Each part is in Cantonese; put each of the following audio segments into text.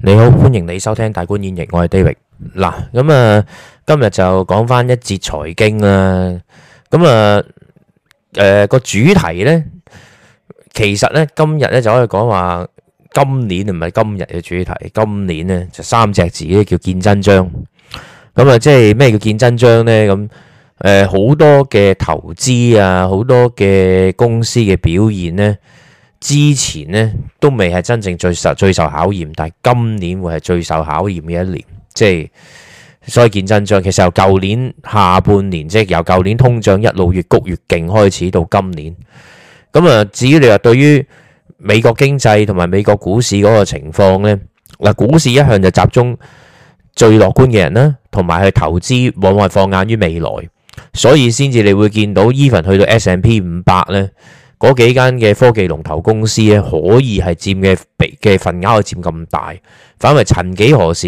你好，歡迎你收聽大觀演繹，我係 David 嗱，咁啊今日就講翻一節財經啦，咁啊誒個主題咧，其實咧今日咧就可以講話今年唔係今日嘅主題，今年咧就三隻字叫見真章，咁啊即係咩叫見真章咧？咁誒好多嘅投資啊，好多嘅公司嘅表現咧。之前呢都未係真正最受最受考驗，但係今年會係最受考驗嘅一年，即係所以見真章。其實由舊年下半年，即係由舊年通脹一路越谷越勁開始到今年，咁啊，至於你話對於美國經濟同埋美國股市嗰個情況呢？嗱，股市一向就集中最樂觀嘅人啦，同埋去投資往往係放眼於未來，所以先至你會見到 even 去到 S and P 五百咧。嗰幾間嘅科技龍頭公司咧，可以係佔嘅被嘅份額係佔咁大，反為曾幾何時，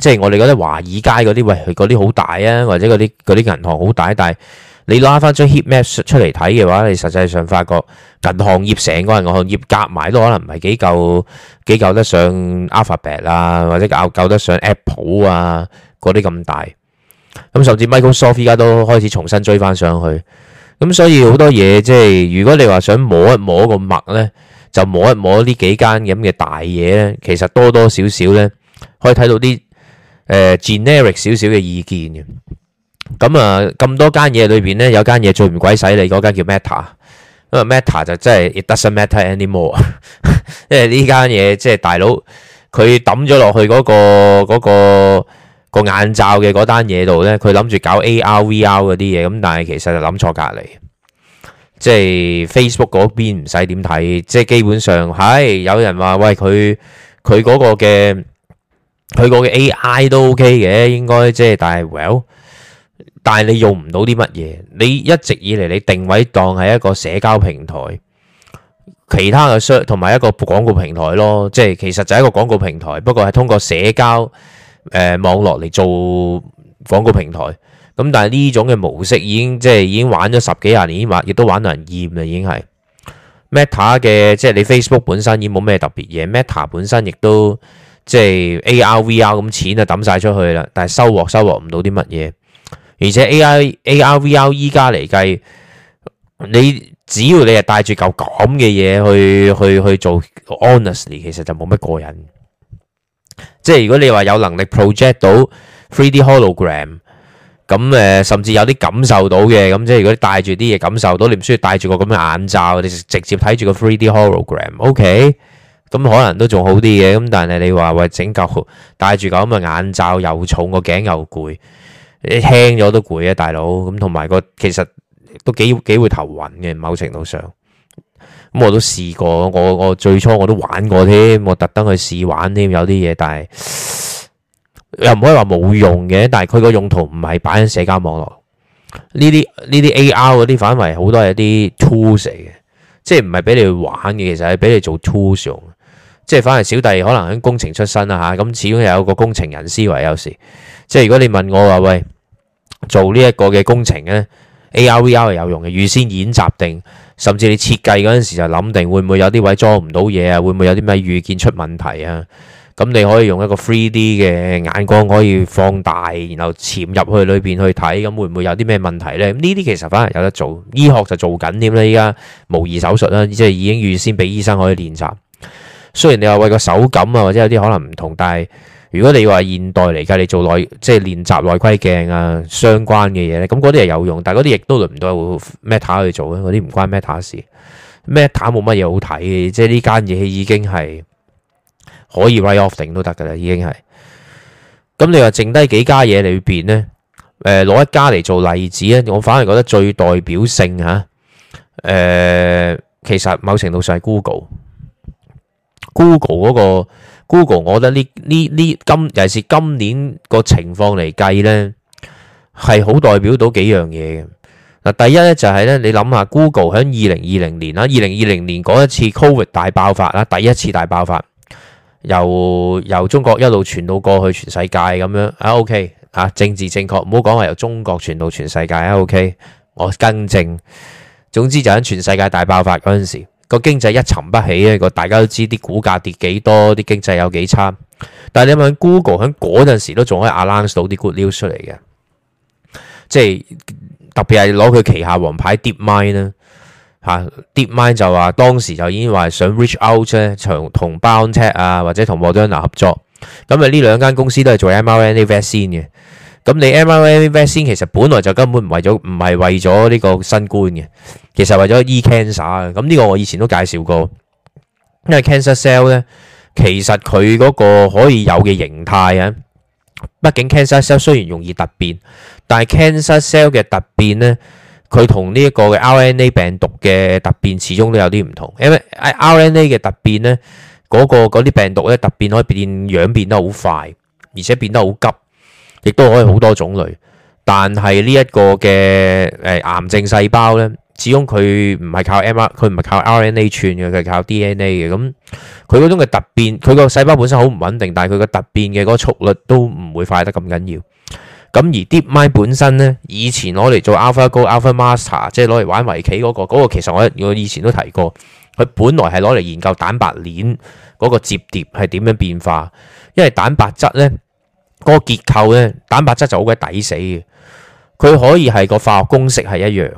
即係我哋嗰啲華爾街嗰啲喂，嗰啲好大啊，或者嗰啲啲銀行好大，但係你拉翻張 heat map 出嚟睇嘅話，你實際上發覺銀行業成個銀行業夾埋都可能唔係幾夠幾夠得上 alphabet 啊，或者夠夠得上 apple 啊嗰啲咁大，咁甚至 Microsoft 依家都開始重新追翻上去。咁、嗯、所以好多嘢即係如果你話想摸一摸個脈咧，就摸一摸呢幾間咁嘅大嘢咧，其實多多少少咧可以睇到啲誒、呃、generic 少少嘅意見嘅。咁、嗯、啊，咁多間嘢裏邊咧，有間嘢最唔鬼使你嗰間叫 Meta，因為 Meta 就真係 it doesn't matter anymore， 因為呢間嘢即係大佬佢抌咗落去嗰個嗰個，嗰個個眼罩嘅嗰單嘢度呢，佢諗住搞 AR VR 嗰啲嘢，咁但係其實就諗錯隔籬，即係 Facebook 嗰邊唔使點睇，即係基本上係有人話喂，佢佢嗰個嘅佢個嘅 AI 都 OK 嘅，應該即係，但係 Well，但係你用唔到啲乜嘢，你一直以嚟你定位當係一個社交平台，其他嘅商同埋一個廣告平台咯，即係其實就係一個廣告平台，不過係通過社交。誒，網絡嚟做廣告平台，咁但係呢種嘅模式已經即係已經玩咗十幾廿年，已經玩，亦都玩到人厭啦，已經係 Meta 嘅，即係你 Facebook 本身已經冇咩特別嘢，Meta 本身亦都即係 ARVR 咁錢就抌晒出去啦，但係收穫收穫唔到啲乜嘢，而且 AR AR, ARVR 依家嚟計，你只要你係戴住嚿咁嘅嘢去去去做 honestly，其實就冇乜過癮。即係如果你話有能力 project 到 3D hologram，咁誒、呃、甚至有啲感受到嘅，咁即係如果你戴住啲嘢感受到，你唔需要戴住個咁嘅眼罩，你直接睇住個 3D hologram，OK？、Okay? 咁可能都仲好啲嘅，咁但係你話為、呃、整嚿戴住個咁嘅眼罩又重，個頸又攰，輕咗都攰啊，大佬！咁同埋個其實都幾幾會頭暈嘅，某程度上。咁我都試過，我我最初我都玩過添，我特登去試玩添，有啲嘢，但係又唔可以話冇用嘅。但係佢個用途唔係擺喺社交網絡呢啲呢啲 AR 嗰啲反而，好多係啲 tools 嚟嘅，即係唔係俾你去玩嘅，其實係俾你做 tools 用。即係反而小弟可能喺工程出身啊。吓，咁始終有個工程人思維有時。即係如果你問我話喂，做呢一個嘅工程咧？ARVR 係有用嘅，預先演習定，甚至你設計嗰陣時就諗定會唔會有啲位裝唔到嘢啊？會唔會有啲咩預見出問題啊？咁你可以用一個 3D 啲嘅眼光可以放大，然後潛入去裏邊去睇，咁會唔會有啲咩問題呢？咁呢啲其實反而有得做，醫學就做緊添啦，依家模擬手術啦，即係已經預先俾醫生可以練習。雖然你話喂，個手感啊，或者有啲可能唔同，但係。如果你話現代嚟㗎，你做內即係練習內窺鏡啊，相關嘅嘢咧，咁嗰啲係有用，但係嗰啲亦都輪唔到 Meta 去做咧，嗰啲唔關 Meta 事。Meta 冇乜嘢好睇嘅，即係呢間嘢已經係可以 write off 頂都得㗎啦，已經係。咁你話剩低幾家嘢裏邊咧？誒、呃，攞一家嚟做例子咧，我反而覺得最代表性嚇。誒、呃，其實某程度上係 Google，Google 嗰、那個。Google，我覺得呢呢今，尤其是今年個情況嚟計呢，係好代表到幾樣嘢嘅。嗱，第一呢，就係咧，你諗下 Google 喺二零二零年啦，二零二零年嗰一次 COVID 大爆發啦，第一次大爆發，由由中國一路傳到過去全世界咁樣。啊，OK 啊，政治正確，唔好講話由中國傳到全世界啊。OK，我更正，總之就喺全世界大爆發嗰陣時。個經濟一沉不起啊！個大家都知啲股價跌幾多，啲經濟有幾差。但係你問 Google 喺嗰陣時都仲可以 align 到啲 good news 出嚟嘅，即係特別係攞佢旗下王牌 DeepMind 啦、啊、嚇，DeepMind 就話當時就已經話想 reach out 咧、啊，長同 BioNTech 啊或者同 Moderna 合作。咁啊，呢兩間公司都係做 mRNA vaccine 嘅。咁你 mRNA vaccine 其實本來就根本唔為咗，唔係為咗呢個新冠嘅，其實為咗 e cancer 啊。咁呢個我以前都介紹過，因為 cancer cell 咧，其實佢嗰個可以有嘅形態啊。畢竟 cancer cell 雖然容易突變，但係 cancer cell 嘅突變咧，佢同呢一個嘅 RNA 病毒嘅突變始終都有啲唔同，因為 RNA 嘅突變咧，嗰個嗰啲病毒咧突變可以變樣變得好快，而且變得好急。亦都可以好多種類，但係呢一個嘅誒癌症細胞呢，始終佢唔係靠 M R，佢唔係靠 R N A 串嘅，佢係靠 D N A 嘅。咁佢嗰種嘅突變，佢個細胞本身好唔穩定，但係佢個突變嘅嗰個速率都唔會快得咁緊要。咁而 DeepMind 本身呢，以前攞嚟做 AlphaGo、AlphaMaster，即係攞嚟玩圍棋嗰個，嗰個其實我我以前都提過，佢本來係攞嚟研究蛋白鏈嗰個摺疊係點樣變化，因為蛋白質呢。個結構咧，蛋白質就好鬼抵死嘅。佢可以係個化學公式係一樣，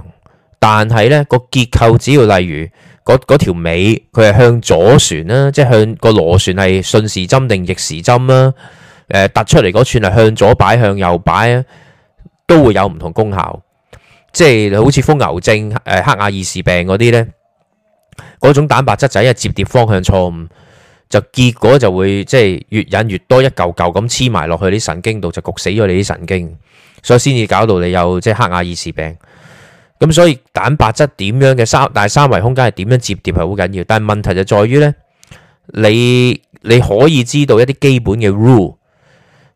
但係咧、嗰個結構只要例如嗰嗰條尾，佢係向左旋啦、啊，即係向、嗰個螺旋係順時針定逆時針啦、啊。誒、呃，突出嚟嗰串係向左擺向右擺啊，都會有唔同功效。即係好似瘋牛症、誒、呃、克雅二氏病嗰啲咧，嗰種蛋白質就係因為摺疊方向錯誤。就結果就會即係越引越多，一嚿嚿咁黐埋落去啲神經度，就焗死咗你啲神經，所以先至搞到你有即係黑雅爾氏病。咁所以蛋白質點樣嘅三，但係三維空間係點樣摺疊係好緊要。但係問題就在於呢：你你可以知道一啲基本嘅 rule，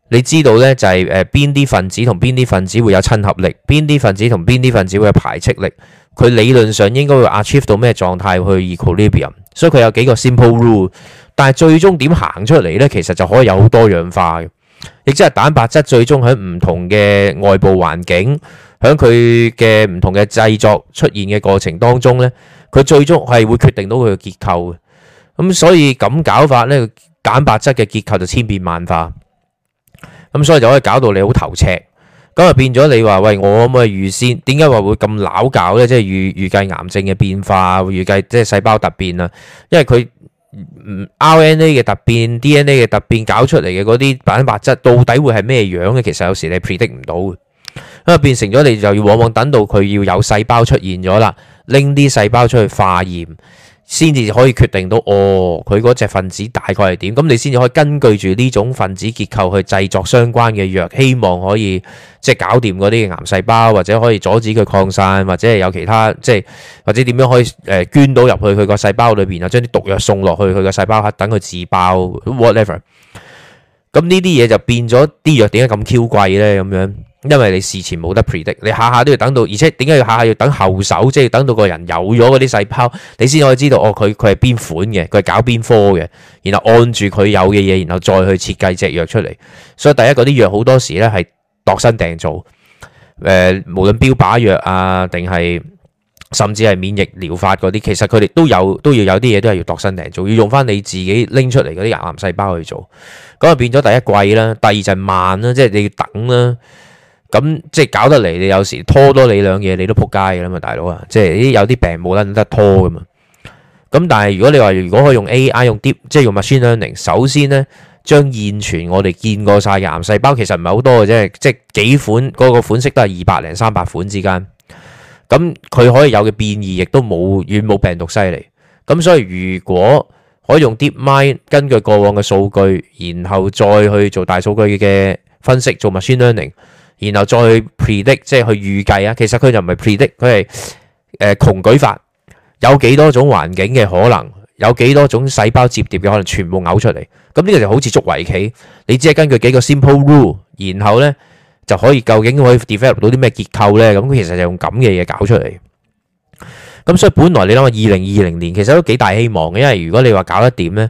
你知道呢就係誒邊啲分子同邊啲分子會有親合力，邊啲分子同邊啲分子會有排斥力，佢理論上應該會 achieve 到咩狀態去 equilibrium。所以佢有幾個 simple rule，但係最終點行出嚟呢，其實就可以有好多樣化嘅，亦即係蛋白質最終喺唔同嘅外部環境，喺佢嘅唔同嘅製作出現嘅過程當中呢，佢最終係會決定到佢嘅結構嘅。咁所以咁搞法呢，蛋白質嘅結構就千變萬化，咁所以就可以搞到你好頭赤。咁啊變咗你話喂，我咪預先點解話會咁撈搞呢？即係預預計癌症嘅變化，預計即係細胞突變啊！因為佢 RNA 嘅突變、DNA 嘅突變搞出嚟嘅嗰啲蛋白質，到底會係咩樣嘅？其實有時你 predict 唔到嘅，咁啊變成咗你就要往往等到佢要有細胞出現咗啦，拎啲細胞出去化驗。先至可以決定到哦，佢嗰隻分子大概係點，咁你先至可以根據住呢種分子結構去製作相關嘅藥，希望可以即係搞掂嗰啲癌細胞，或者可以阻止佢擴散，或者係有其他即係或者點樣可以誒、呃、捐到入去佢個細胞裏邊啊，將啲毒藥送落去佢個細胞核，等佢自爆。Whatever，咁呢啲嘢就變咗啲藥點解咁 Q 貴呢？咁樣？因為你事前冇得 predict，你下下都要等到，而且點解要下下要等後手？即係等到個人有咗嗰啲細胞，你先可以知道哦，佢佢係邊款嘅，佢係搞邊科嘅，然後按住佢有嘅嘢，然後再去設計隻藥出嚟。所以第一嗰啲藥好多時咧係度身訂造，誒、呃，無論標靶藥啊，定係甚至係免疫療法嗰啲，其實佢哋都有都要有啲嘢都係要度身訂造，要用返你自己拎出嚟嗰啲癌細胞去做，咁啊變咗第一貴啦，第二就係慢啦，即係你要等啦。咁即係搞得嚟，你有時拖多你兩嘢，你都扑街噶啦嘛，大佬啊！即係有啲病冇得得拖噶嘛。咁但係如果你話如果可以用 AI 用 Deep，即係用 machine learning，首先呢，將現存我哋見過晒癌細胞，其實唔係好多嘅啫，即係幾款嗰、嗰個款式都係二百零三百款之間。咁佢可以有嘅變異，亦都冇遠冇病毒犀利。咁所以如果可以用 Deep Mind 根據過往嘅數據，然後再去做大數據嘅分析，做 machine learning。然後再去 predict，即係去預計啊。其實佢就唔係 predict，佢係誒窮舉法，有幾多種環境嘅可能，有幾多種細胞折疊嘅可能，全部嘔出嚟。咁、這、呢個就好似捉圍棋，你只係根據幾個 simple rule，然後呢就可以究竟可以 develop 到啲咩結構呢？咁佢其實就用咁嘅嘢，搞出嚟。咁所以本來你諗下二零二零年，其實都幾大希望嘅，因為如果你話搞得掂呢。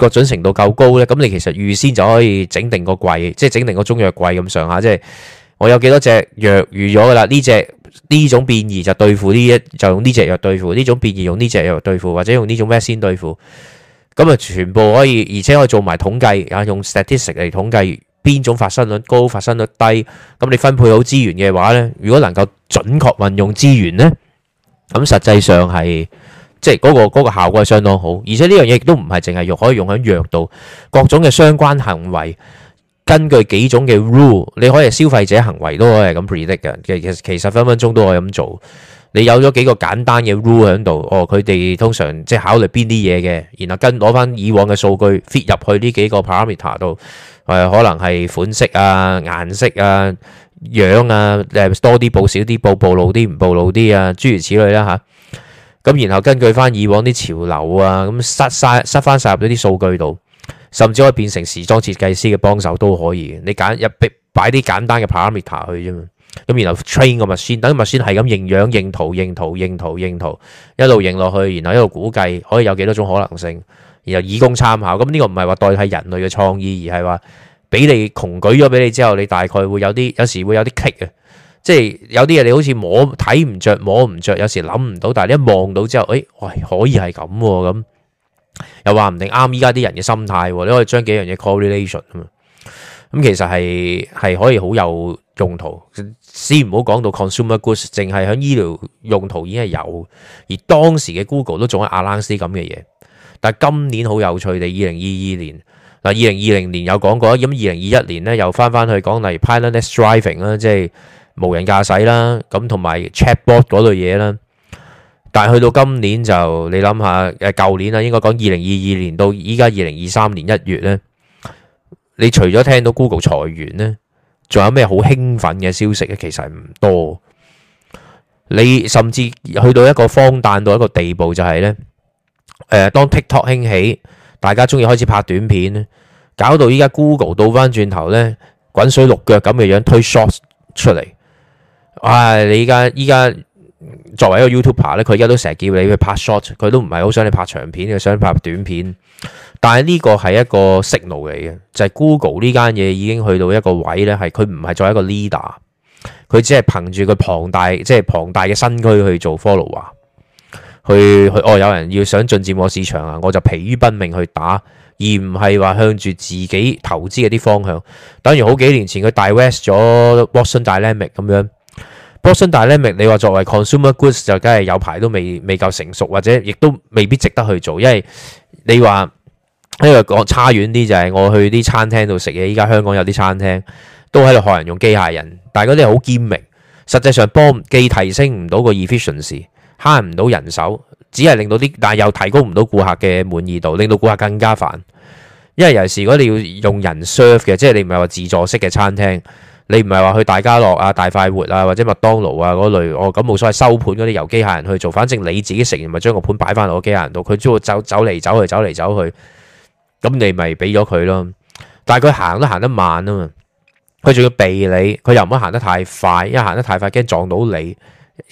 個準程度夠高咧，咁你其實預先就可以整定個櫃，即係整定個中藥櫃咁上下，即係我有幾多隻藥預咗噶啦？呢隻呢種變異就對付呢一，就用呢隻藥對付呢種變異，用呢隻藥對付，或者用呢種咩先對付？咁啊，全部可以，而且可以做埋統計啊，用 statistic 嚟統計邊種發生率高，發生率低。咁你分配好資源嘅話咧，如果能夠準確運用資源咧，咁實際上係。即係嗰、嗰個嗰個效果係相當好，而且呢樣嘢亦都唔係淨係用，可以用喺藥度，各種嘅相關行為，根據幾種嘅 rule，你可以消費者行為都可以係咁 predict 嘅。其其實分分鐘都可以咁做。你有咗幾個簡單嘅 rule 喺度，哦，佢哋通常即係考慮邊啲嘢嘅，然後跟攞翻以往嘅數據 fit 入去呢幾個 parameter 度，呃，可能係款式啊、顏色啊、樣啊、多啲報少啲報、暴露啲唔暴露啲啊，諸如此類啦嚇。咁然後根據翻以往啲潮流啊，咁塞晒塞翻晒入咗啲數據度，甚至可以變成時裝設計師嘅幫手都可以。你揀入擺啲簡單嘅 parameter 去啫嘛，咁然後 train 個物先，等物先係咁認樣認圖認圖認圖認圖，一路認落去，然後一路估計可以有幾多種可能性，然後以供參考。咁呢個唔係話代替人類嘅創意，而係話俾你窮舉咗俾你之後，你大概會有啲有時會有啲 kick 啊。即係有啲嘢你好似摸睇唔著摸唔著，有時諗唔到，但係你一望到之後，誒，喂可以係咁喎，咁，又話唔定啱而家啲人嘅心態，你可以將幾樣嘢 correlation 啊嘛，咁其實係係可以好有用途。先唔好講到 consumer goods，淨係響醫療用途已經係有，而當時嘅 Google 都仲係阿朗斯咁嘅嘢，但係今年好有趣地，二零二二年嗱，二零二零年有講過，咁二零二一年咧又翻翻去講例如 pilotless driving 啦，即係。無人駕駛啦，咁同埋 chatbot 嗰類嘢啦。但係去到今年就你諗下，誒舊年啦，應該講二零二二年到依家二零二三年一月咧，你除咗聽到 Google 裁員咧，仲有咩好興奮嘅消息咧？其實唔多。你甚至去到一個荒誕到一個地步，就係咧誒，當 TikTok 興起，大家中意開始拍短片，搞到依家 Google 倒翻轉頭咧，滾水六腳咁嘅樣推 shorts 出嚟。唉、哎，你依家依家作為一個 YouTuber 咧，佢依家都成日叫你去拍 short，佢都唔係好想你拍長片，佢想拍短片。但係呢個係一個 signal 嚟嘅，就係、是、Google 呢間嘢已經去到一個位咧，係佢唔係作為一個 leader，佢只係憑住佢龐大即係龐大嘅身軀去做 follower，去去哦，有人要想進佔我市場啊，我就疲於奔命去打，而唔係話向住自己投資嘅啲方向。等於好幾年前佢 divest 咗 Watson Dynamic 咁樣。波旬，但係咧，你你話作為 consumer goods 就梗係有排都未未夠成熟，或者亦都未必值得去做，因為你話，因為講差遠啲就係，我去啲餐廳度食嘢，依家香港有啲餐廳都喺度學人用機械人，但係嗰啲係好堅明，實際上幫機提升唔到個 efficiency，慳唔到人手，只係令到啲，但係又提高唔到顧客嘅滿意度，令到顧客更加煩。因為有時如果你要用人 serve 嘅，即係你唔係話自助式嘅餐廳。你唔係話去大家樂啊、大快活啊或者麥當勞啊嗰類哦，咁冇所謂收盤嗰啲由機械人去做，反正你自己食完咪將個盤擺翻落個機械人度，佢只要走走嚟走去走嚟走去，咁你咪俾咗佢咯。但係佢行都行得慢啊嘛，佢仲要避你，佢又唔好行得太快，因為行得太快驚撞到你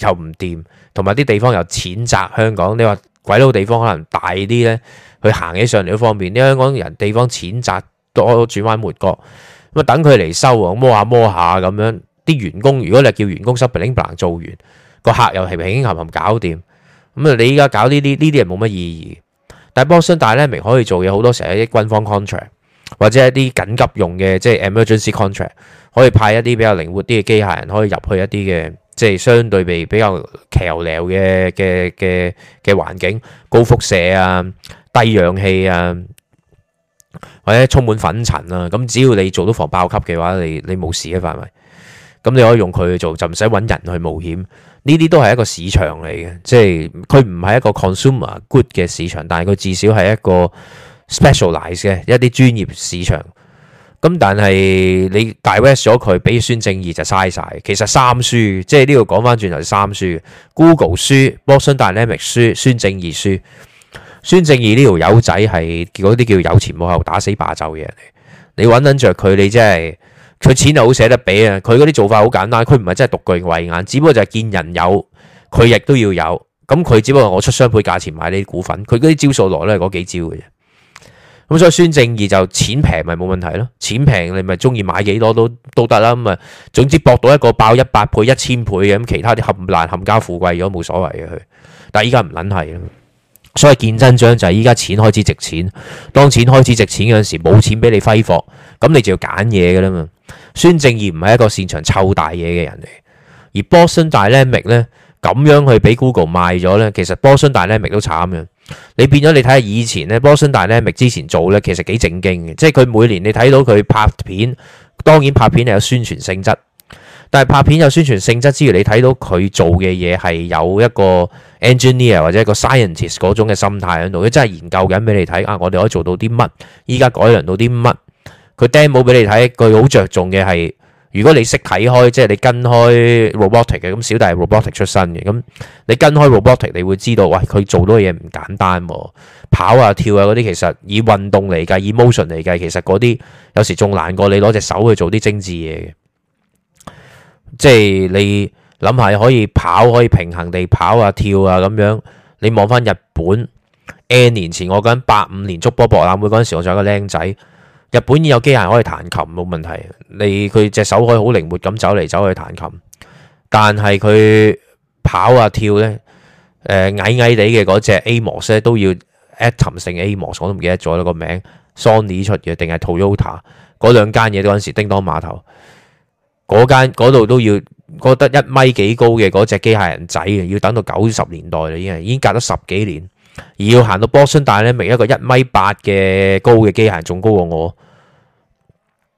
又唔掂，同埋啲地方又淺窄，香港你話鬼佬地方可能大啲呢，佢行起上嚟都方便。啲香港人地方淺窄都轉彎抹角。咁啊，等佢嚟收啊，摸下摸下咁樣。啲員工如果你叫員工濕唪唪做完，個客又係平平冚冚搞掂。咁啊，你依家搞呢啲呢啲係冇乜意義。但係 Boston Dynamics 咧明可以做嘢，好多時候一啲軍方 contract 或者一啲緊急用嘅即係 emergency contract，可以派一啲比較靈活啲嘅機械人，可以入去一啲嘅即係相對比比較喬聊嘅嘅嘅嘅環境，高輻射啊，低氧氣啊。或者充滿粉塵啊。咁只要你做到防爆級嘅話，你你冇事嘅範圍，咁你可以用佢去做，就唔使揾人去冒險。呢啲都係一個市場嚟嘅，即係佢唔係一個 consumer good 嘅市場，但係佢至少係一個 specialized 嘅一啲專業市場。咁但係你 divest 咗佢俾孫正義就嘥晒。其實三輸，即係呢度講翻轉頭三輸，Google 輸，Boston Dynamics 輸，孫正義輸。孫正義呢條友仔係嗰啲叫有前冇後打死霸走嘅人嚟，你揾緊着佢，你真係佢錢又好捨得俾啊！佢嗰啲做法好簡單，佢唔係真係獨具慧眼，只不過就係見人有，佢亦都要有。咁佢只不過我出雙倍價錢買呢啲股份，佢嗰啲招數來都係嗰幾招嘅啫。咁所以孫正義就錢平咪冇問題咯，錢平你咪中意買幾多都都得啦。咁啊，總之博到一個爆一百倍、一千倍嘅，咁其他啲冚爛冚家富貴如果冇所謂嘅佢。但係依家唔撚係。所以見真章就係依家錢開始值錢，當錢開始值錢嗰陣時，冇錢俾你揮霍，咁你就要揀嘢噶啦嘛。孫正義唔係一個擅長湊大嘢嘅人嚟，而 Boston Dynamics 咧咁樣去俾 Google 賣咗咧，其實 Boston Dynamics 都慘嘅。你變咗你睇下以前咧，Boston Dynamics 之前做咧，其實幾正經嘅，即係佢每年你睇到佢拍片，當然拍片係有宣傳性質。但係拍片有宣傳性質之餘，你睇到佢做嘅嘢係有一個 engineer 或者一個 scientist 嗰種嘅心態喺度，佢真係研究緊俾你睇啊！我哋可以做到啲乜？依家改良到啲乜？佢 demo 俾你睇，佢好着重嘅係，如果你識睇開，即係你跟開 robotic 嘅，咁小弟係 robotic 出身嘅，咁你跟開 robotic，你會知道，喂，佢做到嘅嘢唔簡單喎，跑啊跳啊嗰啲，其實以運動嚟㗎，以 motion 嚟㗎，其實嗰啲有時仲難過你攞隻手去做啲精緻嘢嘅。即係你諗下，可以跑，可以平衡地跑啊跳啊咁樣。你望翻日本 N 年前，我講緊八五年筑波博覽會嗰陣時，我仲有個僆仔。日本已有機械可以彈琴冇問題，你佢隻手可以好靈活咁走嚟走去彈琴。但係佢跑啊跳呢，誒、呃、矮矮地嘅嗰隻 A 模式都要 Atom 性 A 模式，我都唔記得咗呢個名，Sony 出嘅定係 Toyota 嗰兩間嘢嗰陣時叮當碼頭。嗰間嗰度都要，覺得一米幾高嘅嗰隻機械人仔啊，要等到九十年代啦，已經已經隔咗十幾年，而要行到波士頓大咧明，一個一米八嘅高嘅機械人仲高過我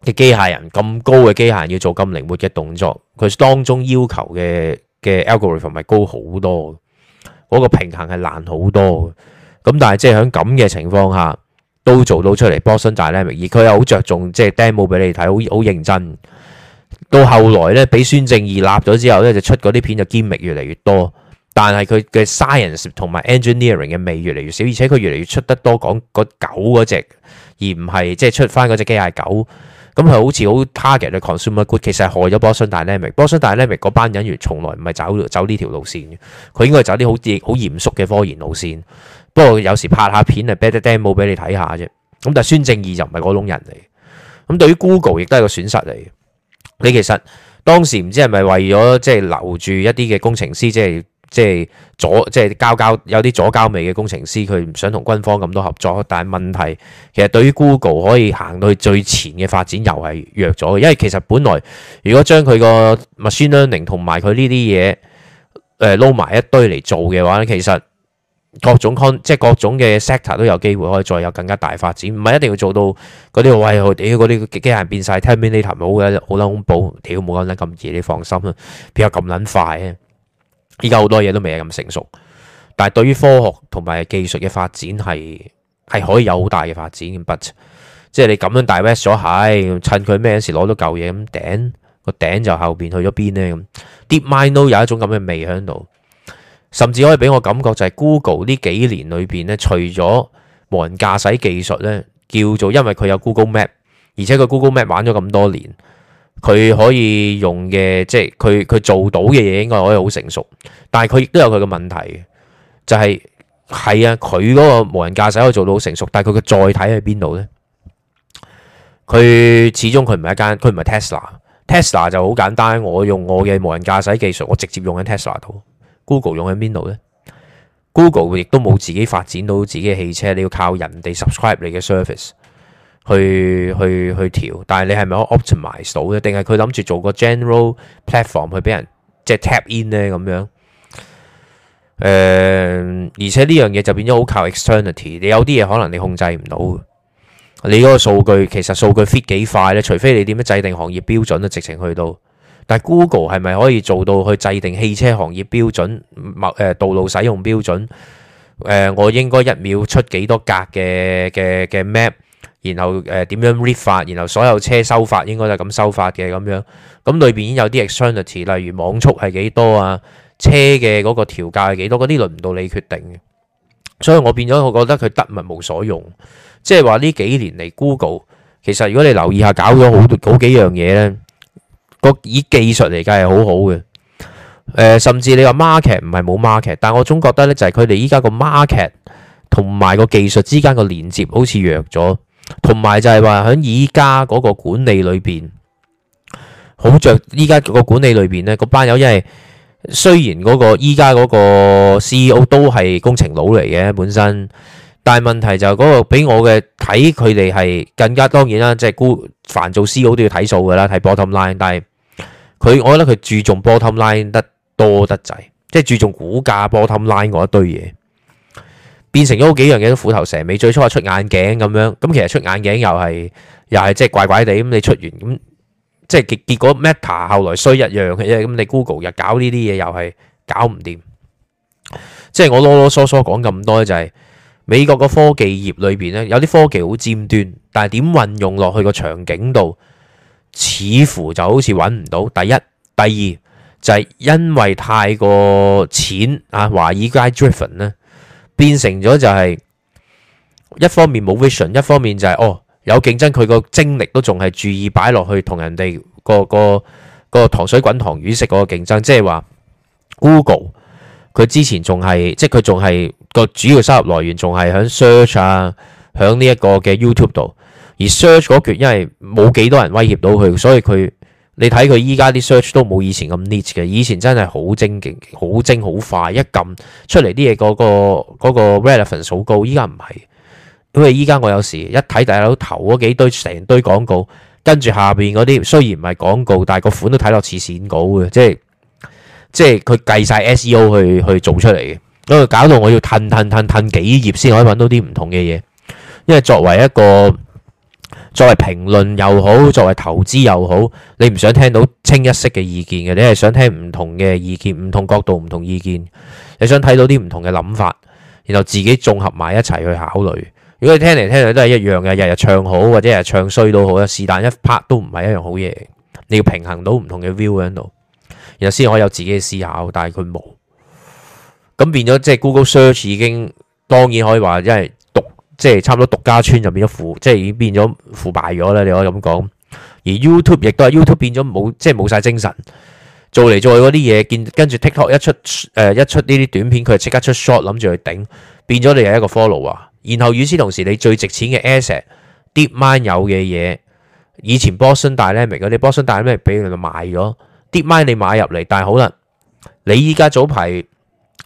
嘅機械人咁高嘅機械人要做咁靈活嘅動作，佢當中要求嘅嘅 algorithm 咪高好多，嗰個平衡係難好多。咁但係即係喺咁嘅情況下都做到出嚟，波士頓大咧明，而佢又好著重即係 demo 俾你睇，好好認真。到後來咧，俾孫正義立咗之後咧，就出嗰啲片就 gimmick 越嚟越多，但係佢嘅 science 同埋 engineering 嘅味越嚟越少，而且佢越嚟越出得多講嗰狗嗰隻，而唔係即係出翻嗰隻機械狗咁佢、嗯、好似好 target 嘅 consumer good，其實係害咗 Boston Dynamics，但係咧，Boston Dynamics 但係咧，嗰班人員從來唔係走走呢條路線，佢應該係走啲好好嚴肅嘅科研路線。不過有時拍下片啊，better demo 俾你睇下啫。咁但係孫正義就唔係嗰種人嚟，咁對於 Google 亦都係個損失嚟。你其實當時唔知係咪為咗即係留住一啲嘅工程師，即係即係左即係、即係、交交有啲左交尾嘅工程師，佢唔想同軍方咁多合作。但係問題其實對於 Google 可以行到去最前嘅發展又係弱咗，因為其實本來如果將佢個 machine learning 同埋佢呢啲嘢誒撈埋一堆嚟做嘅話咧，其實。各種 con 即係各種嘅 sector 都有機會可以再有更加大發展，唔係一定要做到嗰啲喂，屌嗰啲機械人變晒 terminal 好嘅好撚恐怖，屌冇可能咁易，你放心啦，邊有咁撚快咧？依家好多嘢都未係咁成熟，但係對於科學同埋技術嘅發展係係可以有好大嘅發展，but 即係你咁樣大 vest 咗，係、哎、趁佢咩時攞到舊嘢咁頂個頂就後邊去咗邊呢？咁 deep mineo 有一種咁嘅味喺度。甚至可以俾我感覺就係 Google 呢幾年裏邊咧，除咗無人駕駛技術咧，叫做因為佢有 Google Map，而且佢 Google Map 玩咗咁多年，佢可以用嘅即係佢佢做到嘅嘢應該可以好成熟，但係佢亦都有佢嘅問題，就係、係、係啊，佢嗰個無人駕駛可以做到好成熟，但係佢嘅載體喺邊度咧？佢始終佢唔係一間，佢唔係 Tesla。Tesla 就好簡單，我用我嘅無人駕駛技術，我直接用喺 Tesla 度。Google 用喺邊度呢 g o o g l e 亦都冇自己發展到自己嘅汽車，你要靠人哋 subscribe 你嘅 service 去去去調。但係你係咪可以 o p t i m i z e 到咧？定係佢諗住做個 general platform 去俾人即係 tap in 呢？咁樣？誒、呃，而且呢樣嘢就變咗好靠 e x t e r n i t y 你有啲嘢可能你控制唔到，你嗰個數據其實數據 fit 幾快呢？除非你點樣制定行業標準啊，直情去到。但係 Google 係咪可以做到去制定汽車行業標準、麥誒道路使用標準？誒，我應該一秒出幾多格嘅嘅嘅 map，然後誒點樣 ref 法，然後所有車收法應該就係咁收法嘅咁樣。咁裏邊已經有啲 exclusivity，例如網速係幾多啊？車嘅嗰個調價係幾多？嗰啲輪唔到你決定。所以我變咗，我覺得佢得物無所用。即係話呢幾年嚟，Google 其實如果你留意下，搞咗好多好幾樣嘢咧。個以技術嚟計係好好嘅，誒，甚至你話 market 唔係冇 market，但係我總覺得咧就係佢哋依家個 market 同埋個技術之間個連接好似弱咗，同埋就係話喺依家嗰個管理裏邊，好著依家個管理裏邊咧個班友，因為雖然嗰個依家嗰個 CEO 都係工程佬嚟嘅本身，但係問題就嗰個俾我嘅睇佢哋係更加當然啦，即係孤凡做 CEO 都要睇數㗎啦，睇 bottom line，但係。佢我覺得佢注重 bottom line 得多得滯，即係注重股價 bottom line 嗰一堆嘢，變成咗幾樣嘢都虎頭蛇尾。最初係出眼鏡咁樣，咁其實出眼鏡又係又係即係怪怪地咁，你出完咁即係結結果 Meta 後來衰一樣嘅啫。咁你 Google 又搞呢啲嘢又係搞唔掂。即係我囉囉嗦嗦講咁多就係、是、美國個科技業裏邊咧，有啲科技好尖端，但係點運用落去個場景度？似乎就好似揾唔到，第一，第二就係因為太過淺啊，華爾街 driven 呢，變成咗就係一方面冇 vision，一方面就係哦有競爭，佢個精力都仲係注意擺落去同人哋個個個糖水滾糖魚食嗰個競爭，即係話 Google 佢之前仲係即係佢仲係個主要收入來源仲係響 search 啊響呢一個嘅 YouTube 度。而 search 嗰橛，因為冇幾多人威脅到佢，所以佢你睇佢依家啲 search 都冇以前咁 nic 嘅。以前真係好精勁，好精好快，一撳出嚟啲嘢嗰個 relevance 好高。依家唔係，因為依家我有時一睇大佬頭嗰幾堆成堆廣告，跟住下邊嗰啲雖然唔係廣告，但係個款都睇落似線稿嘅，即係即係佢計晒 SEO 去去做出嚟嘅，因為搞到我要褪褪褪褪幾頁先可以揾到啲唔同嘅嘢。因為作為一個。作為評論又好，作為投資又好，你唔想聽到清一色嘅意見嘅，你係想聽唔同嘅意見，唔同角度唔同意見，你想睇到啲唔同嘅諗法，然後自己綜合埋一齊去考慮。如果你聽嚟聽去都係一樣嘅，日日唱好或者日日唱衰都好，是但一 part 都唔係一樣好嘢。你要平衡到唔同嘅 view 喺度，然後先可以有自己嘅思考。但係佢冇，咁變咗即係 Google Search 已經當然可以話，即係。即係差唔多獨家村入面變咗腐，即係已經變咗腐敗咗啦。你可以咁講，而 YouTube 亦都係 YouTube 變咗冇，即係冇晒精神做嚟做去嗰啲嘢。見跟住 TikTok 一出誒、呃、一出呢啲短片，佢即刻出 short 諗住去頂，變咗你係一個 follow 啊。然後與此同時，你最值錢嘅 asset，DeepMind 有嘅嘢，以前 Boston Dynamics，咩嘅？你 Boston Dynamics 俾人賣咗？DeepMind 你買入嚟，但係好啦，你依家早排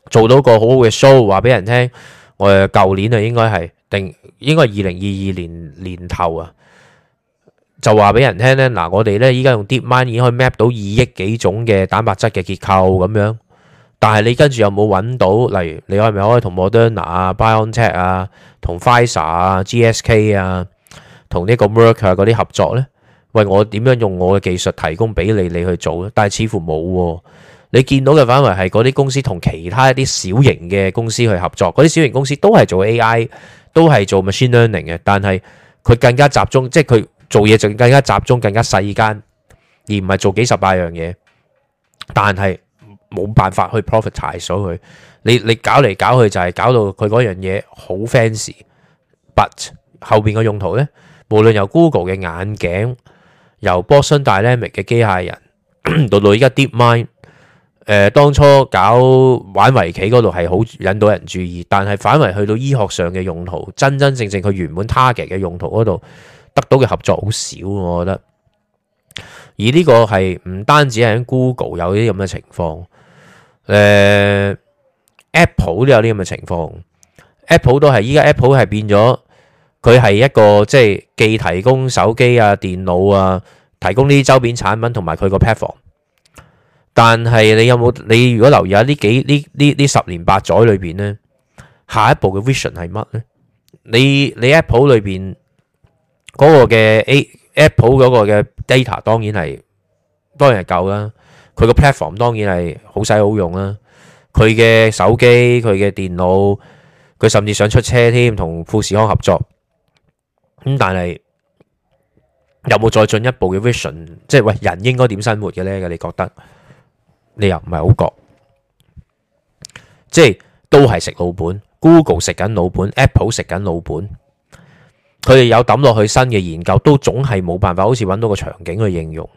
做到個好好嘅 show，話俾人聽，我舊年啊應該係。定應該係二零二二年年頭啊，就話俾人聽咧。嗱，我哋咧依家用 DeepMind 已經可以 map 到二億幾種嘅蛋白質嘅結構咁樣，但係你跟住有冇揾到？例如你係咪可以同 Moderna 啊、BioNTech 啊、同 Pfizer 啊、GSK 啊、同呢個 Merck 啊嗰啲合作咧？喂，我點樣用我嘅技術提供俾你，你去做咧？但係似乎冇。你見到嘅範圍係嗰啲公司同其他一啲小型嘅公司去合作，嗰啲小型公司都係做 AI。都係做 machine learning 嘅，但係佢更加集中，即係佢做嘢仲更加集中，更加細間，而唔係做幾十八樣嘢。但係冇辦法去 profitize 咗佢，你你搞嚟搞去就係搞到佢嗰樣嘢好 fancy，but 後邊嘅用途呢，無論由 Google 嘅眼鏡，由 Boston Dynamics 嘅機械人， 到到依家 Deep Mind。誒、呃、當初搞玩圍棋嗰度係好引到人注意，但係反為去到醫學上嘅用途，真真正正佢原本 target 嘅用途嗰度得到嘅合作好少，我覺得。而呢個係唔單止喺 Google 有啲咁嘅情況，誒、呃、Apple 都有啲咁嘅情況。Apple 都係依家 Apple 係變咗，佢係一個即係、就是、既提供手機啊、電腦啊，提供呢啲周邊產品同埋佢個 platform。但係你有冇？你如果留意下呢幾呢呢呢十年八載裏邊呢，下一步嘅 vision 係乜呢？你你 Apple 裏面、那個欸、Apple 裏邊嗰個嘅 Apple 嗰個嘅 data 當然係當然係夠啦。佢個 platform 當然係好使好用啦。佢嘅手機佢嘅電腦，佢甚至想出車添，同富士康合作咁。但係有冇再進一步嘅 vision？即係喂人應該點生活嘅呢？你覺得？你又唔係好覺，即係都係食老本。Google 食緊老本，Apple 食緊老本。佢哋有抌落去新嘅研究，都總係冇辦法，好似揾到個場景去應用。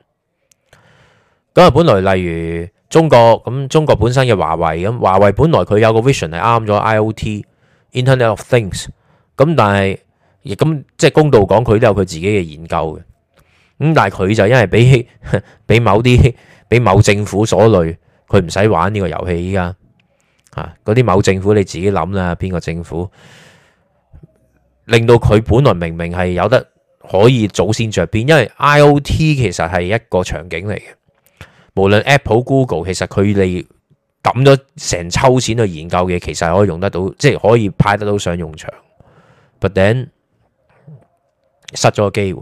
咁啊，本來例如中國咁，中國本身嘅華為咁，華為本來佢有個 vision 係啱咗 IoT（Internet of Things）。咁但係亦咁即係公道講，佢都有佢自己嘅研究嘅。咁但係佢就因為俾俾某啲俾某政府所累，佢唔使玩呢個遊戲依家。吓、啊，嗰啲某政府你自己諗啦，邊個政府令到佢本來明明係有得可以早先着邊？因為 IOT 其實係一個場景嚟嘅，無論 Apple、Google，其實佢哋抌咗成抽錢去研究嘅，其實可以用得到，即係可以派得到上用場。But then 失咗個機會。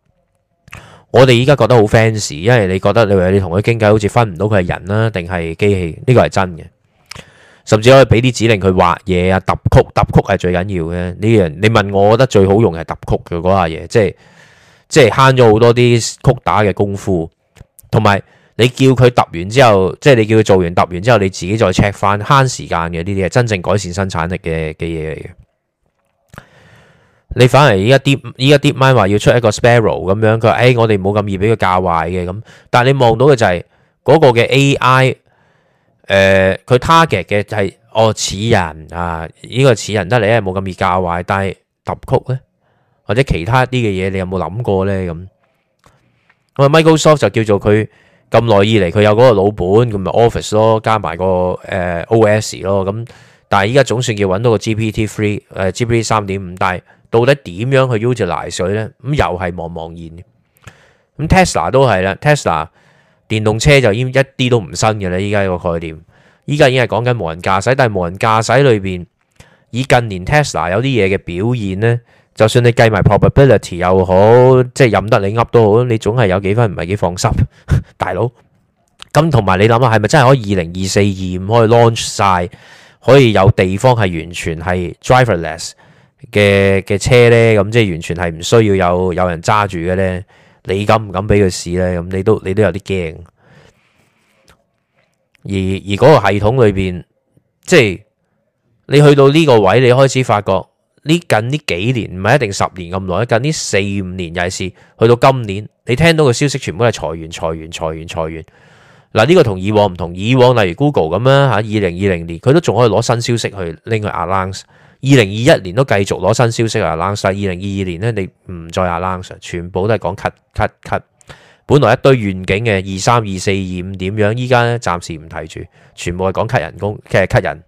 我哋依家覺得好 fancy，因為你覺得你話你同佢傾偈，好似分唔到佢係人啦定係機器，呢個係真嘅。甚至可以俾啲指令佢畫嘢啊、揼曲、揼曲係最緊要嘅呢樣。你問我覺得最好用係揼曲嘅嗰下嘢，即係即係慳咗好多啲曲打嘅功夫，同埋你叫佢揼完之後，即係你叫佢做完揼完之後，你自己再 check 翻，慳時間嘅呢啲係真正改善生產力嘅嘅嘢嚟嘅。你反而依家啲依家啲 DeepMind 話要出一個 Sparrow 咁樣，佢話誒我哋冇咁易俾佢教壞嘅咁，但係你望到嘅就係嗰個嘅 AI，誒佢 target 嘅就係哦似人啊，呢個似人得嚟咧冇咁易教壞，但係揼曲咧或者其他啲嘅嘢，你有冇諗過咧咁？咁啊 Microsoft 就叫做佢咁耐以嚟佢有嗰個老本，咁咪 Office 咯，加埋個誒 OS 咯，咁但係依家總算要揾到個 GPT three 誒 GPT 三點五，但係。到底點樣去 use 來水呢？咁又係茫茫然。咁 Tesla 都係啦，Tesla 電動車就已經一啲都唔新嘅啦。依家個概念，依家已經係講緊無人駕駛，但係無人駕駛裏邊，以近年 Tesla 有啲嘢嘅表現呢，就算你計埋 probability 又好，即係任得你噏都好，你總係有幾分唔係幾放心， 大佬。咁同埋你諗下，係咪真係可以二零二四、二五可以 launch 晒？可以有地方係完全係 driverless？嘅嘅車咧，咁即係完全係唔需要有有人揸住嘅咧。你敢唔敢俾佢試咧？咁你都你都有啲驚。而而嗰個系統裏邊，即係你去到呢個位，你開始發覺呢近呢幾年唔係一定十年咁耐，近呢四五年，尤其是去到今年，你聽到嘅消息全部都係裁員、裁員、裁員、裁員。嗱，呢個同以往唔同。以往例如 Google 咁啦，嚇，二零二零年佢都仲可以攞新消息去拎去 announce。二零二一年都繼續攞新消息 announce。二零二二年咧，你唔再 announce，全部都係講 cut、cut、cut。本來一堆願景嘅二三、二四、二五點樣，依家咧暫時唔睇住，全部係講 cut 人工，其實 cut 人。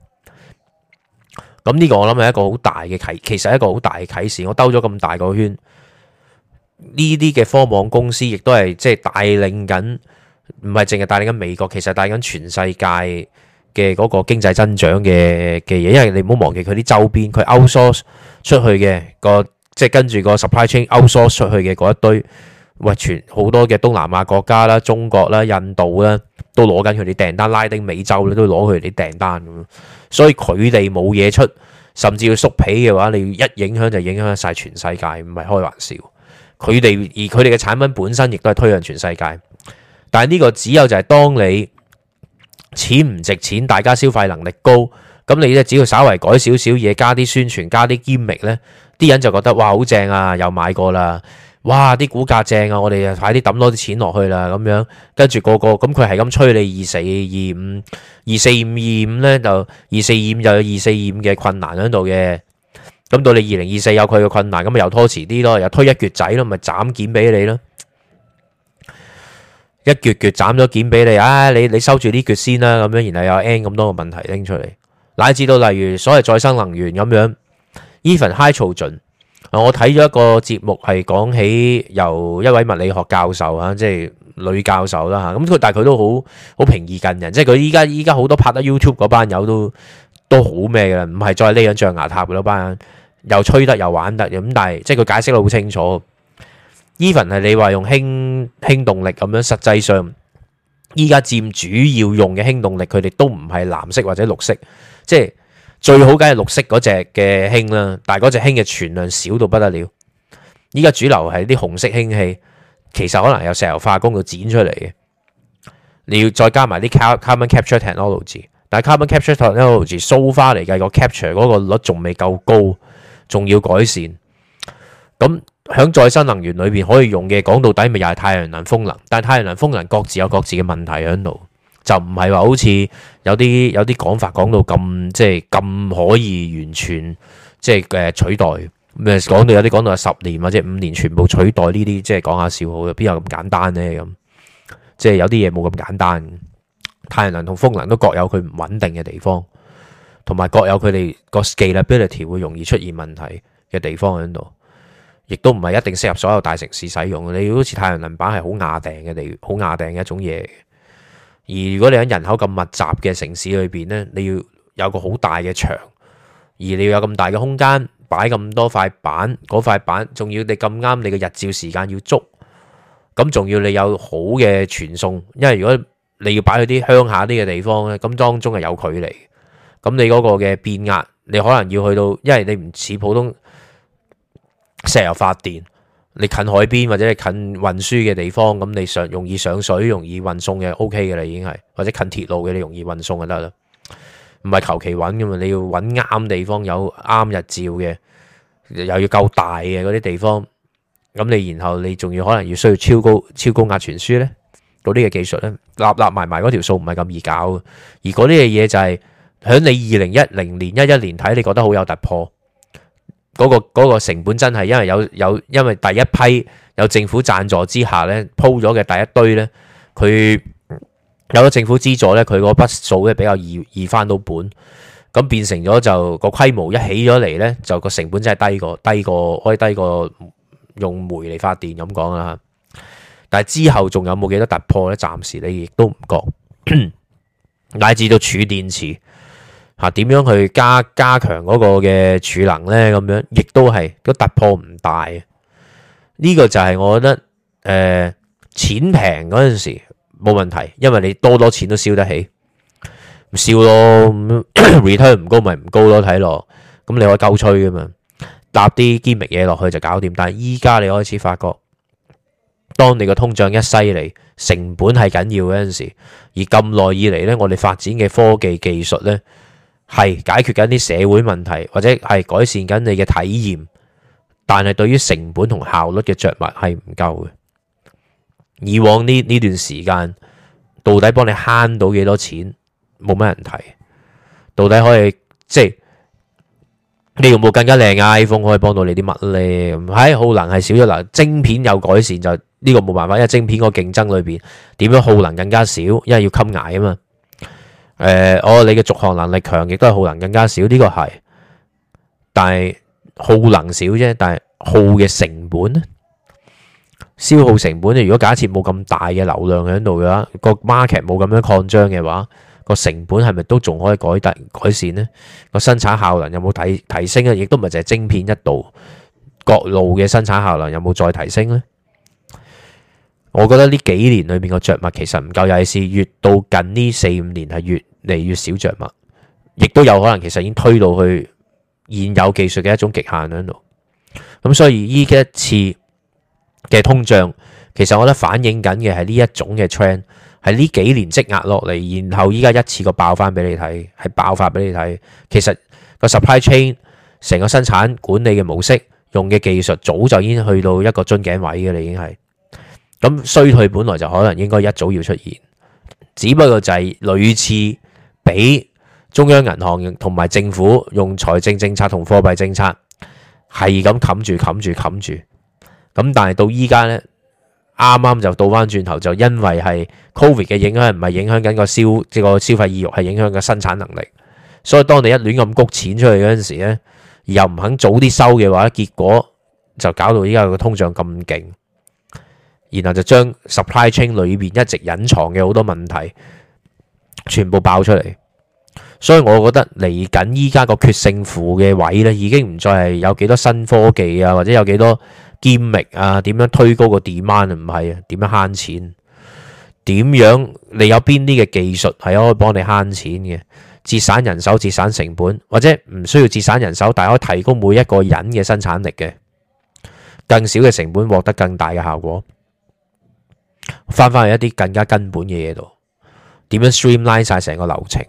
咁呢個我諗係一個好大嘅啟，其實係一個好大嘅啟示。我兜咗咁大個圈，呢啲嘅科網公司亦都係即係帶領緊。唔係淨係帶緊美國，其實帶緊全世界嘅嗰個經濟增長嘅嘅嘢，因為你唔好忘記佢啲周邊，佢 outsource 出去嘅個，即係跟住個 supply chain outsource 出去嘅嗰一堆，喂，全好多嘅東南亞國家啦、中國啦、印度啦，都攞緊佢哋訂單，拉丁美洲咧都攞佢哋訂單，咁所以佢哋冇嘢出，甚至要縮皮嘅話，你要一影響就影響晒全世界，唔係開玩笑，佢哋而佢哋嘅產品本身亦都係推向全世界。但係呢個只有就係當你錢唔值錢，大家消費能力高，咁你咧只要稍為改少少嘢，加啲宣傳，加啲堅力咧，啲人就覺得哇好正啊，又買過啦，哇啲股價正啊，我哋就快啲抌多啲錢落去啦，咁樣跟住個個咁佢係咁催你二四二五二四二五咧，二四，就二四二五又有二四二五嘅困難喺度嘅，咁到你二零二四有佢嘅困難，咁咪又拖遲啲咯，又推一月仔咯，咪斬件俾你咯。一撅撅斬咗件俾你，唉、啊！你你收住呢撅先啦，咁樣，然後有 N 咁多個問題拎出嚟，乃至到例如所謂再生能源咁樣。Even hydrogen 我睇咗一個節目係講起由一位物理學教授嚇，即係女教授啦嚇。咁佢但係佢都好好平易近人，即係佢依家依家好多拍得 YouTube 嗰班友都都好咩㗎喇，唔係再匿喺象牙塔嗰班又吹得又玩得咁，但係即係佢解釋得好清楚。even 係你話用氫氫動力咁樣，實際上依家佔主要用嘅氫動力，佢哋都唔係藍色或者綠色，即係最好梗係綠色嗰隻嘅氫啦，但係嗰隻氫嘅存量少到不得了。依家主流係啲紅色氫氣，其實可能有石油化工度剪出嚟嘅。你要再加埋啲 carbon capture technology，但係 carbon capture technology 蘇花嚟嘅個 capture 嗰個率仲未夠高，仲要改善咁。響再生能源裏邊可以用嘅，講到底咪又係太陽能、風能。但係太陽能、風能各自有各自嘅問題喺度，就唔係話好似有啲有啲講法講到咁，即係咁可以完全即係、uh, 取代。咁講到有啲講到啊，十年或者五年全部取代呢啲，即係講下笑好，邊有咁簡單呢？咁即係有啲嘢冇咁簡單。太陽能同風能都各有佢唔穩定嘅地方，同埋各有佢哋個 scalability 會容易出現問題嘅地方喺度。亦都唔係一定適合所有大城市使用。你好似太陽能板係好亞訂嘅地，好亞訂嘅一種嘢。而如果你喺人口咁密集嘅城市裏邊呢，你要有個好大嘅場，而你要有咁大嘅空間擺咁多塊板，嗰塊板仲要你咁啱你嘅日照時間要足，咁仲要你有好嘅傳送。因為如果你要擺去啲鄉下啲嘅地方呢，咁當中係有距離，咁你嗰個嘅變壓，你可能要去到，因為你唔似普通。石油發電，你近海邊或者你近運輸嘅地方，咁你上容易上水，容易運送嘅 O K 嘅啦，已經係或者近鐵路嘅你容易運送就得啦。唔係求其揾噶嘛，你要揾啱地，地方，有啱日照嘅，又要夠大嘅嗰啲地方。咁你然後你仲要可能要需要超高超高壓傳輸咧，嗰啲嘅技術咧，立立埋埋嗰條數唔係咁易搞。而嗰啲嘅嘢就係、是、喺你二零一零年一一年睇，你覺得好有突破。嗰個嗰個成本真係因為有有因為第一批有政府贊助之下咧，鋪咗嘅第一堆咧，佢有咗政府資助咧，佢嗰筆數咧比較易易翻到本，咁變成咗就、個規模一起咗嚟咧，就個成本真係低過低過可以低過用煤嚟發電咁講啊！但係之後仲有冇幾多突破咧？暫時你亦都唔覺， 乃至到儲電池。啊，點樣去加加強嗰個嘅儲能咧？咁樣亦都係個突破唔大。呢、這個就係我覺得，誒、呃、錢平嗰陣時冇問題，因為你多多錢都燒得起，燒咯 return 唔高咪唔高咯，睇落咁你可以夠吹噶嘛，搭啲 g 密嘢落去就搞掂。但係依家你開始發覺，當你個通脹一犀利，成本係緊要嗰陣時，而咁耐以嚟咧，我哋發展嘅科技技術咧。係解決緊啲社會問題，或者係改善緊你嘅體驗，但係對於成本同效率嘅着墨係唔夠嘅。以往呢，呢段時間到底幫你慳到幾多錢，冇咩問題。到底可以即係、就是、你有冇更加靚嘅 iPhone 可以幫到你啲乜呢？唔、哎、係耗能係少咗嗱，晶片有改善就呢、這個冇辦法，因為晶片個競爭裏邊點樣耗能更加少，因為要襟捱啊嘛。誒，我、哦、你嘅續航能力強，亦都係耗能更加少，呢、這個係，但係耗能少啫，但係耗嘅成本咧，消耗成本，如果假設冇咁大嘅流量喺度嘅話，個 market 冇咁樣擴張嘅話，個成本係咪都仲可以改大改善咧？個生產效能有冇提提升咧？亦都唔係淨係晶片一度各路嘅生產效能有冇再提升咧？我覺得呢幾年裏面個着墨其實唔夠，尤其是越到近呢四五年係越嚟越少着墨，亦都有可能其實已經推到去現有技術嘅一種極限喺度。咁所以呢一次嘅通脹，其實我覺得反映緊嘅係呢一種嘅 trend，係呢幾年積壓落嚟，然後依家一次個爆翻俾你睇，係爆發俾你睇。其實個 supply chain 成個生產管理嘅模式，用嘅技術早就已經去到一個樽頸位嘅啦，已經係。咁衰退本來就可能應該一早要出現，只不過就係屢次俾中央銀行同埋政府用財政政策同貨幣政策係咁冚住冚住冚住。咁但係到依家呢，啱啱就倒返轉頭，就因為係 Covid 嘅影響，唔係影響緊個消即係個、就係、消費意欲，係影響個生產能力，所以當你一亂咁谷錢出去嗰陣時呢，又唔肯早啲收嘅話，結果就搞到依家個通脹咁勁。然後就將 supply chain 裏面一直隱藏嘅好多問題全部爆出嚟，所以我覺得嚟緊依家個決勝負嘅位咧，已經唔再係有幾多新科技啊，或者有幾多堅力啊，點樣推高個 demand 唔係啊，點樣慳錢，點樣你有邊啲嘅技術係可以幫你慳錢嘅，節省人手、節省成本，或者唔需要節省人手，但係可以提高每一個人嘅生產力嘅，更少嘅成本獲得更大嘅效果。翻翻去一啲更加根本嘅嘢度，點樣 streamline 晒成個流程？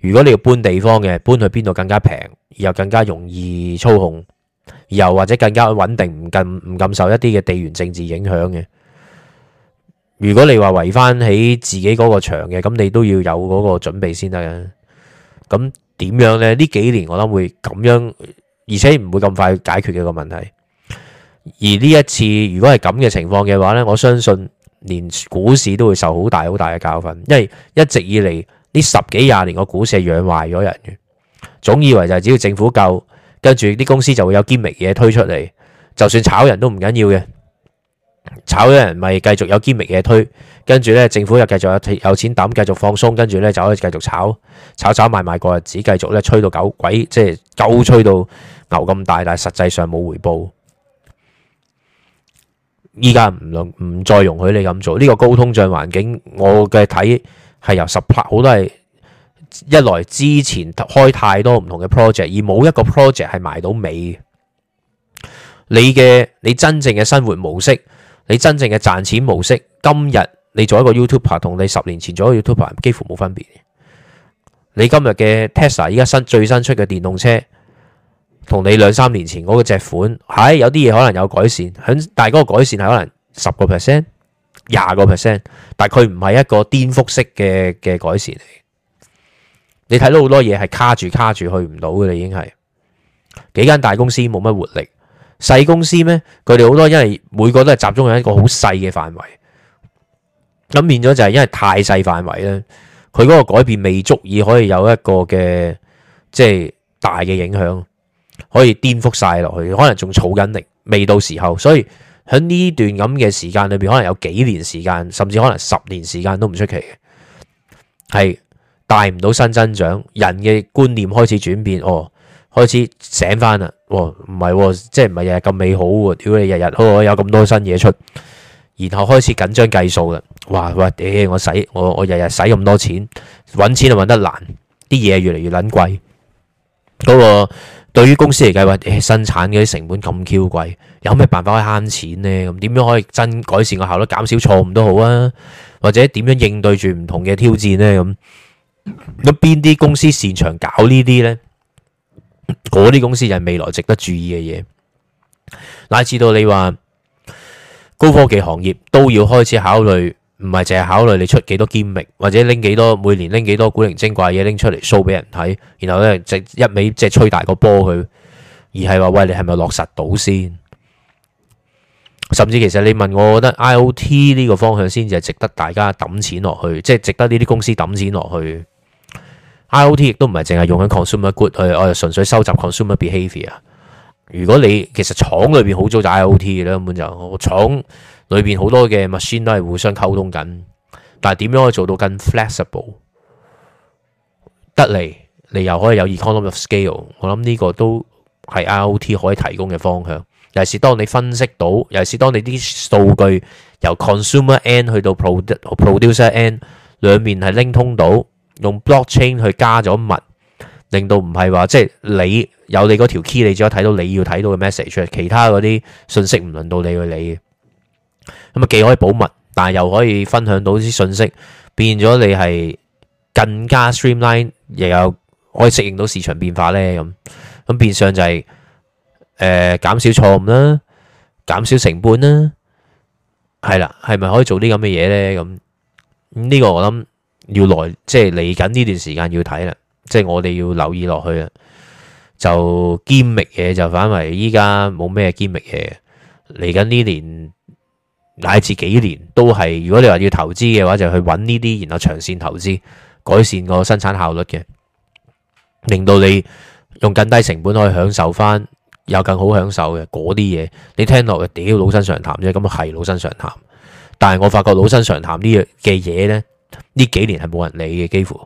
如果你要搬地方嘅，搬去邊度更加平，而又更加容易操控，又或者更加穩定，唔咁唔咁受一啲嘅地緣政治影響嘅？如果你話圍翻起自己嗰個場嘅，咁你都要有嗰個準備先得嘅。咁點樣呢？呢幾年我諗會咁樣，而且唔會咁快解決嘅個問題。而呢一次，如果係咁嘅情況嘅話呢，我相信。連股市都會受好大好大嘅教訓，因為一直以嚟呢十幾廿年個股市係養壞咗人嘅，總以為就係只要政府救，跟住啲公司就會有堅覓嘢推出嚟，就算炒人都唔緊要嘅，炒咗人咪繼續有堅覓嘢推，跟住呢政府又繼續有錢抌，繼續放鬆，跟住呢就可以繼續炒，炒炒賣賣過日子，繼續呢吹到狗鬼，即係狗吹到牛咁大，但係實際上冇回報。依家唔容唔再容許你咁做，呢個高通脹環境，我嘅睇係由十拍好多係一來之前開太多唔同嘅 project，而冇一個 project 係賣到尾。你嘅你真正嘅生活模式，你真正嘅賺錢模式，今日你做一個 YouTuber 同你十年前做一個 YouTuber 幾乎冇分別。你今日嘅 Tesla 依家新最新出嘅電動車。同你兩三年前嗰個隻款，係、哎、有啲嘢可能有改善，響但係嗰個改善係可能十個 percent、廿個 percent，但係佢唔係一個顛覆式嘅嘅改善嚟。你睇到好多嘢係卡住卡住去唔到嘅啦，已經係幾間大公司冇乜活力，細公司咧佢哋好多因為每個都係集中喺一個好細嘅範圍，咁變咗就係因為太細範圍咧，佢嗰個改變未足以可以有一個嘅即係大嘅影響。可以顛覆晒落去，可能仲儲緊力，未到時候。所以喺呢段咁嘅時間裏邊，可能有幾年時間，甚至可能十年時間都唔出奇嘅，係帶唔到新增長。人嘅觀念開始轉變，哦，開始醒翻啦，哦，唔係、哦、即係唔係日日咁美好，屌你日日哦有咁多新嘢出，然後開始緊張計數啦。哇哇，哎、我使我我日日使咁多錢，搵錢就搵得難，啲嘢越嚟越捻貴嗰個。對於公司嚟計話，生產嗰啲成本咁 Q 貴，有咩辦法可以慳錢呢？咁點樣可以真改善個效率，減少錯誤都好啊，或者點樣應對住唔同嘅挑戰呢？咁咁邊啲公司擅長搞呢啲呢？嗰啲公司就係未來值得注意嘅嘢，乃至到你話高科技行業都要開始考慮。唔係淨係考慮你出幾多堅力，或者拎幾多，每年拎幾多古靈精怪嘢，拎出嚟 show 俾人睇，然後咧一味即係吹大個波佢，而係話，喂，你係咪落實到先？甚至其實你問我，我覺得 IOT 呢個方向先至係值得大家抌錢落去，即係值得呢啲公司抌錢落去。IOT 亦都唔係淨係用緊 consumer good 去，我純粹收集 consumer behaviour。如果你其實廠裏邊好早就 IOT 嘅啦，根本就廠。裏邊好多嘅 machine 都係互相溝通緊，但係點樣可以做到更 flexible 得嚟？你又可以有 economy of scale？我諗呢個都係 IOT 可以提供嘅方向。尤其是當你分析到，尤其是當你啲數據由 consumer end 去到 producer end 兩面係拎通到，用 blockchain 去加咗密，令到唔係話即係你有你嗰條 key，你只可以睇到你要睇到嘅 message，其他嗰啲信息唔輪到你去理。咁啊，既可以保密，但係又可以分享到啲信息，變咗你係更加 streamline，又有可以適應到市場變化咧。咁咁變相就係誒減少錯誤啦，減少成本啦，係啦，係咪可以做啲咁嘅嘢咧？咁呢、嗯呢個我諗要來即係嚟緊呢段時間要睇啦，即係我哋要留意落去啦。就堅密嘢就反為依家冇咩堅密嘢，嚟緊呢年。乃至幾年都係，如果你話要投資嘅話，就去揾呢啲，然後長線投資改善個生產效率嘅，令到你用更低成本可以享受翻有更好享受嘅嗰啲嘢。你聽落屌老生常談啫，咁啊係老生常談。但係我發覺老生常談呢樣嘅嘢呢，呢幾年係冇人理嘅，幾乎幾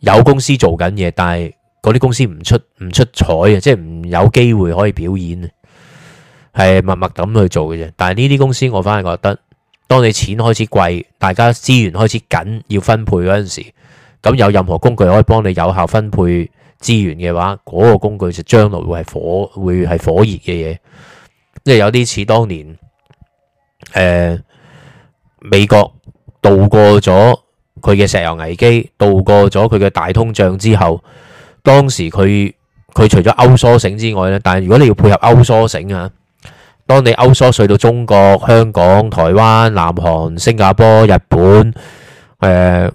有，有公司做緊嘢，但係嗰啲公司唔出唔出彩啊，即係唔有機會可以表演。係默默咁去做嘅啫，但係呢啲公司我反而覺得，當你錢開始貴，大家資源開始緊要分配嗰陣時，咁有任何工具可以幫你有效分配資源嘅話，嗰個工具就將來會係火會係火熱嘅嘢。即係有啲似當年誒美國度過咗佢嘅石油危機，度過咗佢嘅大通脹之後，當時佢佢除咗 outsourcing 之外呢，但係如果你要配合 outsourcing 啊。當你 outsource 到中國、香港、台灣、南韓、新加坡、日本，誒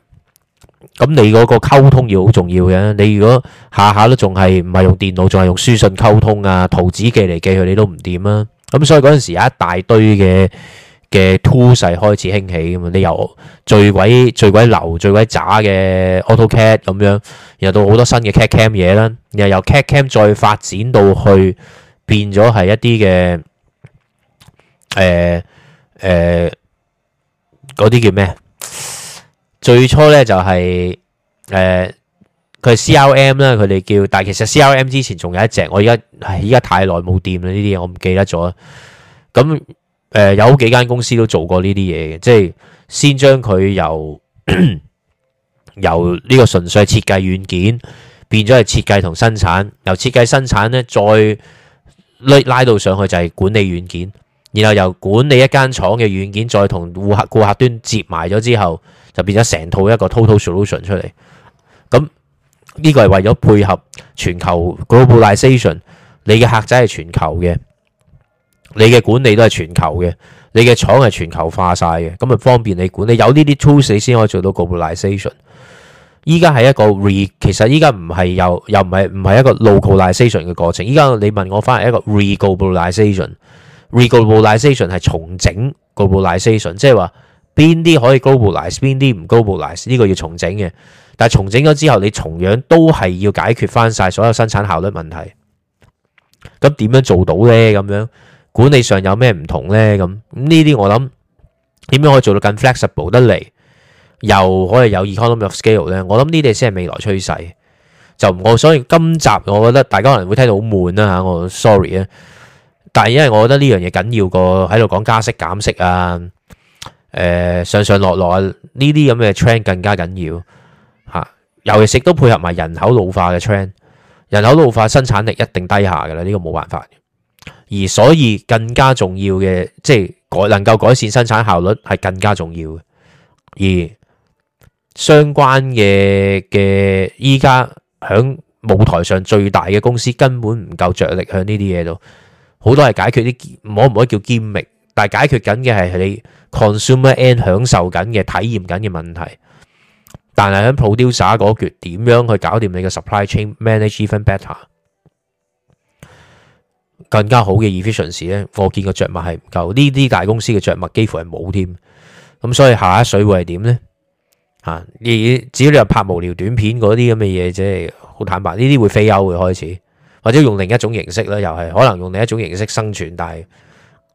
咁，你嗰個溝通要好重要嘅。你如果下下都仲係唔係用電腦，仲係用書信溝通啊，圖紙寄嚟寄去，你都唔掂啊。咁所以嗰陣時有一大堆嘅嘅 tools 係開始興起咁啊。你由最鬼最鬼流最鬼渣嘅 AutoCAD 咁樣，然後到好多新嘅 CAD Cam 嘢啦，然後由 CAD Cam 再發展到去變咗係一啲嘅。誒誒，嗰啲、呃呃、叫咩最初咧就係、是、誒，佢、呃、係 CRM 啦，佢哋叫。但係其實 CRM 之前仲有一隻，我而家係依家太耐冇掂啦。呢啲嘢我唔記得咗。咁誒、呃，有幾間公司都做過呢啲嘢嘅，即係先將佢由 由呢個純粹設計軟件變咗係設計同生產，由設計生產咧再拉拉，拉到上去就係管理軟件。然後由管理一間廠嘅軟件，再同顧客顧客端接埋咗之後，就變咗成套一個 total solution 出嚟。咁呢個係為咗配合全球 globalization，你嘅客仔係全球嘅，你嘅管理都係全球嘅，你嘅廠係全球化晒嘅，咁咪方便你管理。有呢啲 tools 你先可以做到 globalization。依家係一個 re，其實依家唔係又又唔係唔係一個 localization 嘅過程。依家你問我翻係一個 re globalization。Reglobalisation 係重整 globalisation，即係話邊啲可以 globalise，邊啲唔 globalise，呢個要重整嘅。但係重整咗之後，你同樣都係要解決翻晒所有生產效率問題。咁點樣做到呢？咁樣管理上有咩唔同呢？咁呢啲我諗點樣可以做到更 flexible 得嚟，又可以有 economy of scale 呢？我諗呢啲先係未來趨勢。就我所以今集我覺得大家可能會聽到好悶啦嚇，我 sorry 啊。但係，因為我覺得呢樣嘢緊要過喺度講加息減息啊，誒、呃、上上落落啊呢啲咁嘅 trend 更加緊要吓。尤其食都配合埋人口老化嘅 trend，人口老化生產力一定低下噶啦，呢、呢個冇辦法。而所以更加重要嘅，即係改能夠改善生產效率係更加重要嘅。而相關嘅嘅依家響舞台上最大嘅公司根本唔夠着力向呢啲嘢度。好多係解決啲，可唔可以叫 gimmick？但係解決緊嘅係你 consumer end 享受緊嘅體驗緊嘅問題。但係喺 producer 嗰橛，點樣去搞掂你嘅 supply chain management better，更加好嘅 efficiency 咧？我見個著墨係唔夠，呢啲大公司嘅著墨幾乎係冇添。咁所以下一水會係點咧？啊，而只要你係拍無聊短片嗰啲咁嘅嘢，即係好坦白，呢啲會飛優會開始。或者用另一種形式咧，又係可能用另一種形式生存，但係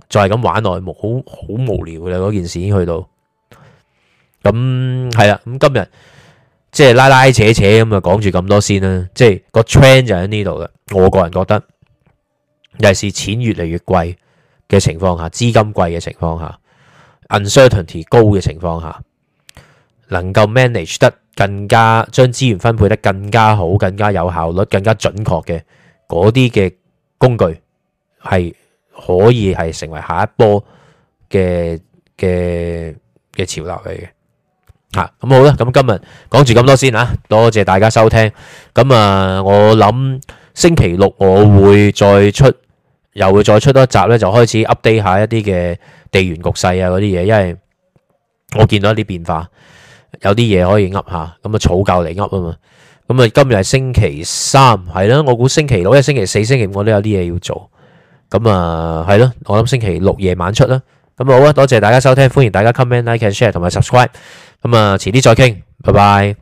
再咁玩內幕，好好無聊啦。嗰件事已經去到咁係啦。咁今日即係拉拉扯扯咁啊，講住咁多先啦。即係個 trend 就喺呢度啦。我個人覺得，尤其是錢越嚟越貴嘅情況下，資金貴嘅情況下，uncertainty 高嘅情況下，能夠 manage 得更加將資源分配得更加好、更加有效率、更加準確嘅。嗰啲嘅工具係可以係成為下一波嘅嘅嘅潮流嚟嘅吓，咁好啦，咁今日講住咁多先吓，多謝大家收聽。咁啊，我諗星期六我會再出，又會再出多一集咧，就開始 update 下一啲嘅地緣局勢啊嗰啲嘢，因為我見到一啲變化，有啲嘢可以噏下。咁啊，草嚿嚟噏啊嘛。咁啊，今日係星期三，係啦，我估星期六、星期四、星期五我都有啲嘢要做，咁啊，係咯，我諗星期六夜晚出啦，咁好啊，多謝大家收聽，歡迎大家 comment、like、and share 同埋 subscribe，咁啊，遲啲再傾，拜拜。